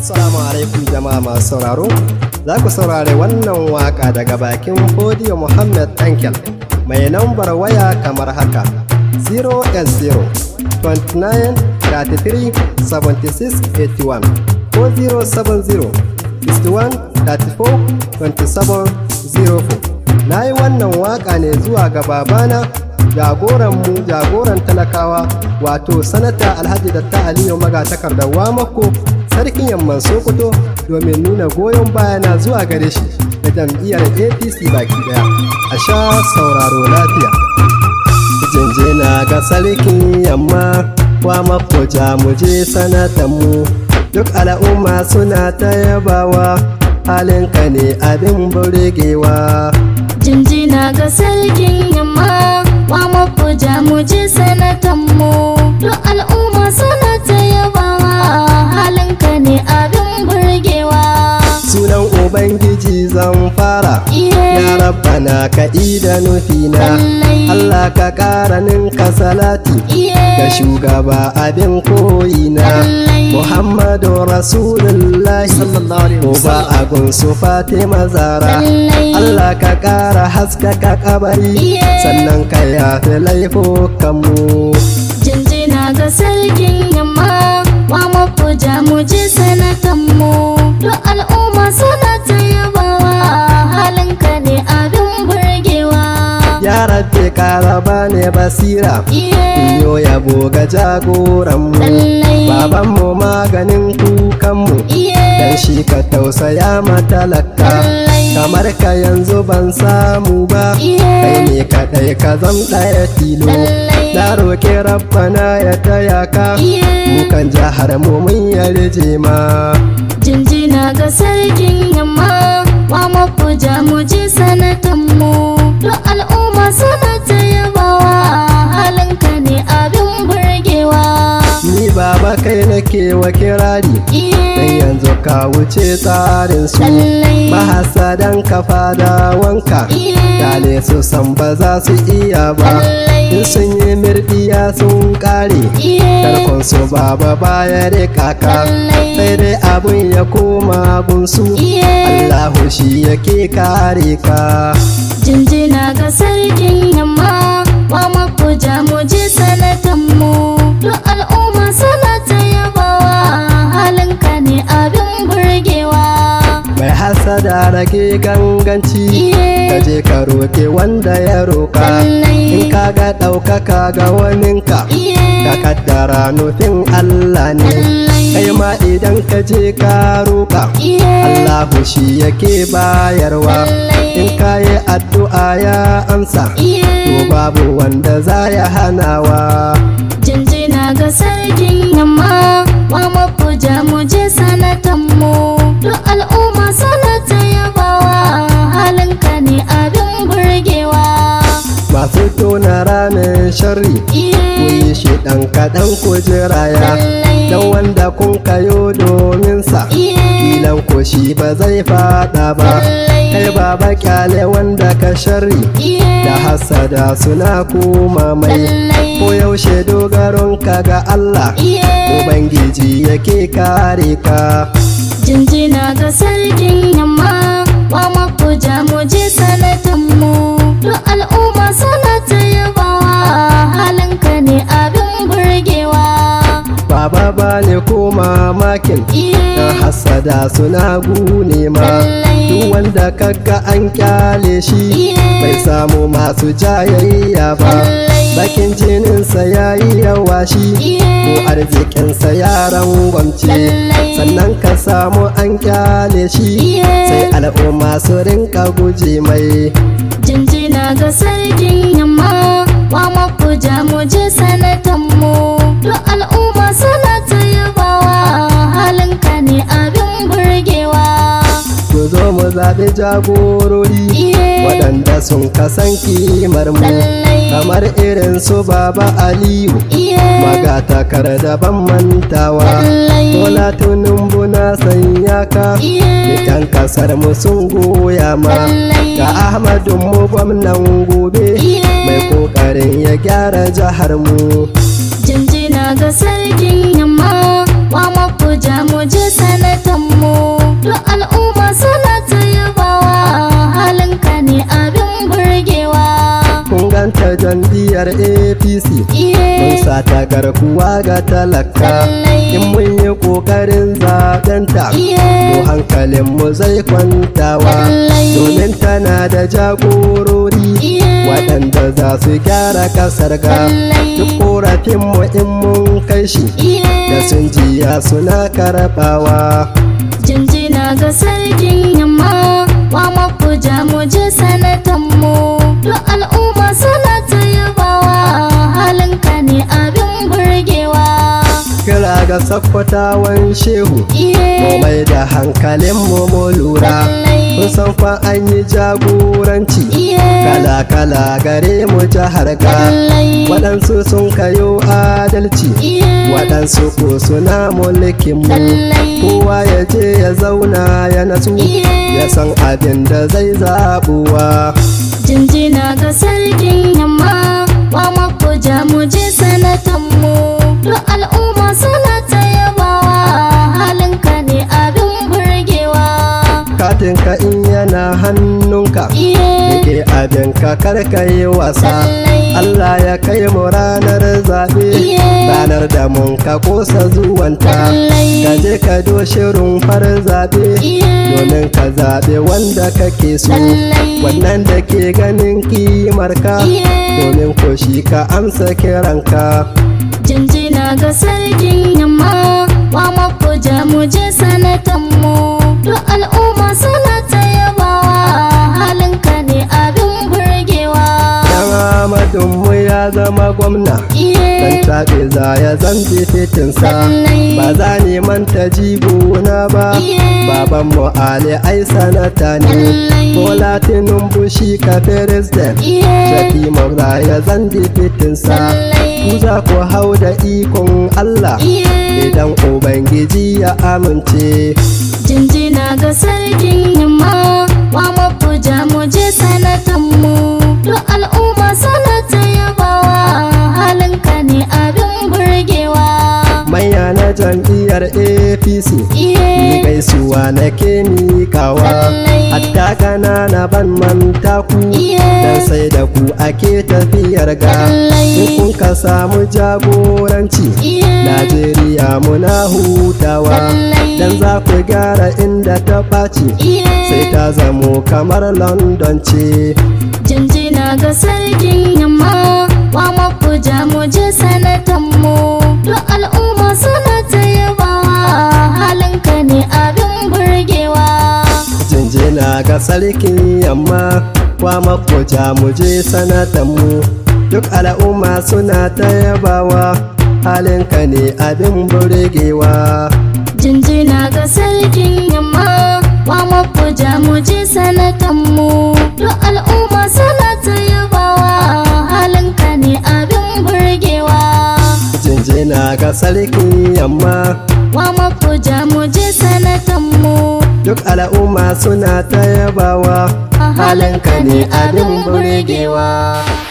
Assalamu alaikum jama'a masu sauraro, za ku saurare wannan waka daga bakin Fodiyo Muhammad Ankel mai lambar waya kamar haka 0S0 29 33 76 81 ko 070 61 34 27 04. Na yi wannan waka ne zuwa ga babana jagoranmu jagoran talakawa wato sanata alhaji da ta aliyu wa mako. sarkin yamman sokoto domin nuna goyon bayana zuwa gare shi da jam'iyyar apc baki daya a sha sauraro lafiya jinjina ga sarkin yamma wa mafoja mu je sanatanmu duk al'umma suna ta yabawa halinka ne abin burgewa jinjina ga sarkin yamma wa mafoja mu je sanatanmu duk al'umma suna ta yabawa sunanka ne abin burgewa sunan ubangiji zan fara ya rabbana ka ida nufina Allah ka ƙara ninka salati ga shugaba abin koyina Muhammadu Rasulullahi Uba a su Fatima Zara Allah ka ƙara haskaka kabari sannan ka yafi laifukanmu Jinjina ga sarkin yamma mu ji sanatanmu duk al'umma suna ta yabawa halinka ne abin burgewa ya rabbi kara ne basira Iyo yabo ga jagoranmu babanmu maganin kukanmu dan shi ka tausaya matalaka kamar ka yanzu ban samu ba kai ne kaɗai ka zam ɗaya tilo na roƙi rabbana ya taya ka mukan jihar mu mun yarje ma jinjina ga sarkin yamma wa mafi mu ji sanatan mu duk al'umma suna ta yabawa halinka ne abin burgewa ni baba kai nake wa kirari ka wuce tsarin su mahasadan ka wanka dale su san ba za su iya ba in sun yi mirdiya sun kare tarkon su baba baya da kaka sai dai abun ya koma gunsu allahu shi yake kare ka jinjina ga sarkin yamma wa makuja mu ji sanatan mu da rage ganganci kaje ka roke wanda ya roka in ka ga ɗaukaka ga waninka ka kaddara nufin Allah ne kai ma idan kaje je ka roka Allah shi yake bayarwa in ka yi addu'a ya amsa to babu wanda za ya hanawa sharri ku shi dan kaɗan ku jiraya dan wanda kun kayo domin sa kilan ko shi ba zai fada ba kai baba kyale wanda ka sharri da hasada suna kuma mai ko yaushe dogaron ka ga Allah ubangiji yake kare ka jinjina ga mamakin na hasada suna gune ma duk wanda kaga an kyale shi bai samu masu jayayya ba bakin jininsa ya yi yawa shi ko arzikinsa yaran gwamce sannan ka samu an kyale shi sai al'umma su rinka guje mai jinjina ga sarkin yamma wa mu je sanatan mu zaɓi jagorori waɗanda sun kasan kimar kamar irin su baba aliyu magatakarda da ban mantawa bola buna na sanya ka kasar mu sun goya ma ga ahmadu mu gwamnan gobe mai kokarin ya gyara jihar mu jinjina ga sarkin jam'iyyar apc mun sa ta garkuwa ga talaka in mun yi kokarin zaɓenta mu hankalin mu zai kwantawa domin tana da jagorori waɗanda za su gyara ƙasar ga duk korafin mu in mun kai shi da sun jiya suna karɓawa jinjina ga sarkin yamma wa mu ji sanatan mu al'umma ga sakkwatawan shehu mai da hankalin mu mu lura kun san fa an yi jagoranci kala kala gare mu jihar ga waɗansu sun kayo adalci waɗansu ko suna mulkin mu kowa ya je ya zauna ya nasu ya san abin da zai zaɓuwa jinjina ga sarkin yamma wa ja mu je sanatan mu. duk al'umma suna ta yabawa halinka ne abin burgewa katinka in yana hannunka rike abinka karka yi wasa Allah ya kai mu ranar zaɓe ranar da mun ka kosa zuwanta ka je ka shirin zaɓe domin ka zaɓe wanda kake so wannan da ke ganin kimarka domin ko shi ka amsa kiranka daga sarkin yamma wa mako mu je sanatan mu duk al'umma suna ta yabawa halinka ne abin burgewa yan Ahmadu mu ya zama gwamna sa ya zanci fitinsa ba za ni manta jigona ba baban mu Ali ai sanata ne Bola Tinubu bushi ka president Shafi magra ya zanci fitinsa ku za ku hau da ikon Allah idan Ubangiji ya amince jinjina ga sarkin yamma jam'iyyar apc ni gaisuwa na ke mikawa hatta gana na ban manta ku dan sai da ku ake tafiyar ga kun ka samu jagoranci najeriya muna hutawa dan za ku gyara inda ta ɓaci sai ta zamo kamar london ce jinjina ga sarkin yamma kwa makoja mu je sanatanmu duk al'umma suna ta yabawa halinka ne abin burgewa jinjina ga sarkin yamma kwa makoja mu je sanatanmu duk al'umma suna ta yabawa halinka ne abin burgewa jinjina ga sarkin yamma kwa makoja mu je sanatanmu duk al'umma suna ta yabawa halinka ne abin burgewa